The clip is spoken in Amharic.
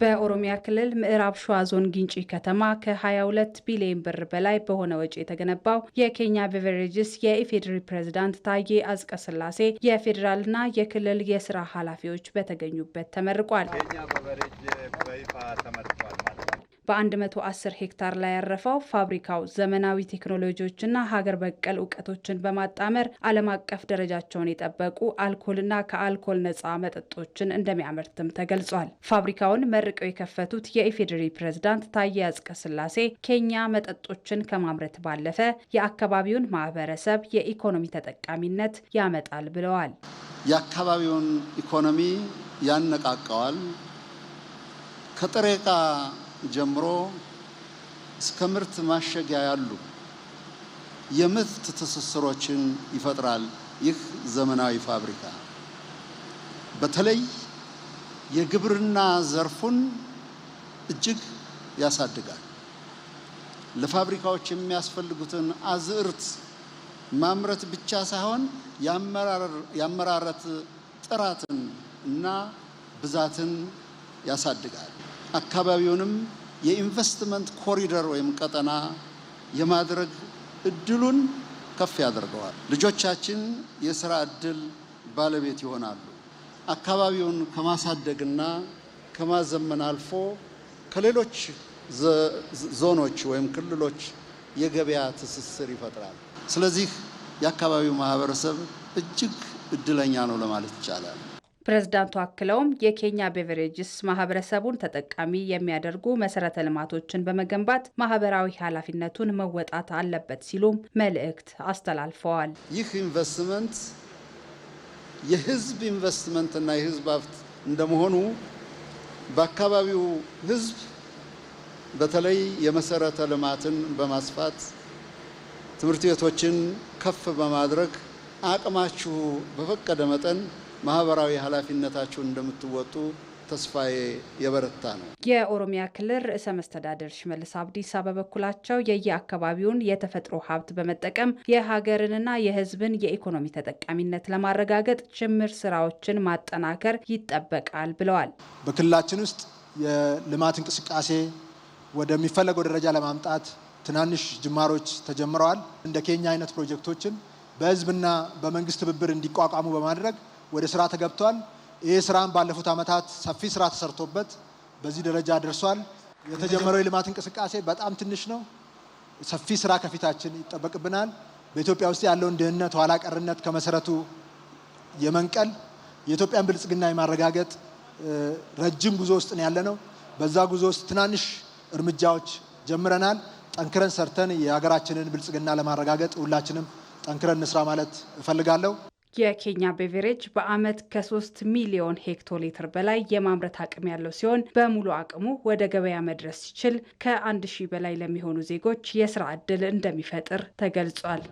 በኦሮሚያ ክልል ምዕራብ ሸዋ ዞን ግንጪ ከተማ ከ22 ቢሊዮን ብር በላይ በሆነ ወጪ የተገነባው የኬኛ ቤቨሬጅስ የኢፌዴሪ ፕሬዝዳንት ታዬ አጽቀሥላሴ የፌዴራልና የክልል የስራ ኃላፊዎች በተገኙበት ተመርቋል። በ110 ሄክታር ላይ ያረፈው ፋብሪካው ዘመናዊ ቴክኖሎጂዎችና ሀገር በቀል እውቀቶችን በማጣመር ዓለም አቀፍ ደረጃቸውን የጠበቁ አልኮልና ከአልኮል ነፃ መጠጦችን እንደሚያመርትም ተገልጿል። ፋብሪካውን መርቀው የከፈቱት የኢፌዴሪ ፕሬዝዳንት ታዬ አጽቀሥላሴ ኬኛ መጠጦችን ከማምረት ባለፈ የአካባቢውን ማህበረሰብ የኢኮኖሚ ተጠቃሚነት ያመጣል ብለዋል። የአካባቢውን ኢኮኖሚ ያነቃቀዋል ከጥሬ ዕቃ ጀምሮ እስከ ምርት ማሸጊያ ያሉ የምርት ትስስሮችን ይፈጥራል። ይህ ዘመናዊ ፋብሪካ በተለይ የግብርና ዘርፉን እጅግ ያሳድጋል። ለፋብሪካዎች የሚያስፈልጉትን አዝዕርት ማምረት ብቻ ሳይሆን የአመራረት ጥራትን እና ብዛትን ያሳድጋል። አካባቢውንም የኢንቨስትመንት ኮሪደር ወይም ቀጠና የማድረግ እድሉን ከፍ ያደርገዋል። ልጆቻችን የስራ እድል ባለቤት ይሆናሉ። አካባቢውን ከማሳደግና ከማዘመን አልፎ ከሌሎች ዞኖች ወይም ክልሎች የገበያ ትስስር ይፈጥራል። ስለዚህ የአካባቢው ማህበረሰብ እጅግ እድለኛ ነው ለማለት ይቻላል። ፕሬዝዳንቱ አክለውም የኬኛ ቤቨሬጅስ ማህበረሰቡን ተጠቃሚ የሚያደርጉ መሰረተ ልማቶችን በመገንባት ማህበራዊ ኃላፊነቱን መወጣት አለበት ሲሉም መልእክት አስተላልፈዋል። ይህ ኢንቨስትመንት የህዝብ ኢንቨስትመንት ና የህዝብ ሀብት እንደመሆኑ በአካባቢው ህዝብ በተለይ የመሰረተ ልማትን በማስፋት ትምህርት ቤቶችን ከፍ በማድረግ አቅማችሁ በፈቀደ መጠን ማህበራዊ ኃላፊነታችሁን እንደምትወጡ ተስፋዬ የበረታ ነው። የኦሮሚያ ክልል ርዕሰ መስተዳደር ሽመልስ አብዲሳ በበኩላቸው የየአካባቢውን የተፈጥሮ ሀብት በመጠቀም የሀገርንና የሕዝብን የኢኮኖሚ ተጠቃሚነት ለማረጋገጥ ጅምር ስራዎችን ማጠናከር ይጠበቃል ብለዋል። በክልላችን ውስጥ የልማት እንቅስቃሴ ወደሚፈለገው ደረጃ ለማምጣት ትናንሽ ጅማሮች ተጀምረዋል። እንደ ኬኛ አይነት ፕሮጀክቶችን በህዝብና በመንግስት ትብብር እንዲቋቋሙ በማድረግ ወደ ስራ ተገብቷል። ይህ ስራም ባለፉት አመታት ሰፊ ስራ ተሰርቶበት በዚህ ደረጃ ደርሷል። የተጀመረው የልማት እንቅስቃሴ በጣም ትንሽ ነው። ሰፊ ስራ ከፊታችን ይጠበቅብናል። በኢትዮጵያ ውስጥ ያለውን ድህነት፣ ኋላ ቀርነት ከመሰረቱ የመንቀል የኢትዮጵያን ብልጽግና የማረጋገጥ ረጅም ጉዞ ውስጥ ነው ነው። በዛ ጉዞ ውስጥ ትናንሽ እርምጃዎች ጀምረናል። ጠንክረን ሰርተን የሀገራችንን ብልጽግና ለማረጋገጥ ሁላችንም ጠንክረን እንስራ ማለት እፈልጋለሁ። የኬኛ ቤቬሬጅ በዓመት ከሶስት ሚሊዮን ሄክቶ ሊትር በላይ የማምረት አቅም ያለው ሲሆን በሙሉ አቅሙ ወደ ገበያ መድረስ ሲችል ከ1 ሺህ በላይ ለሚሆኑ ዜጎች የስራ ዕድል እንደሚፈጥር ተገልጿል።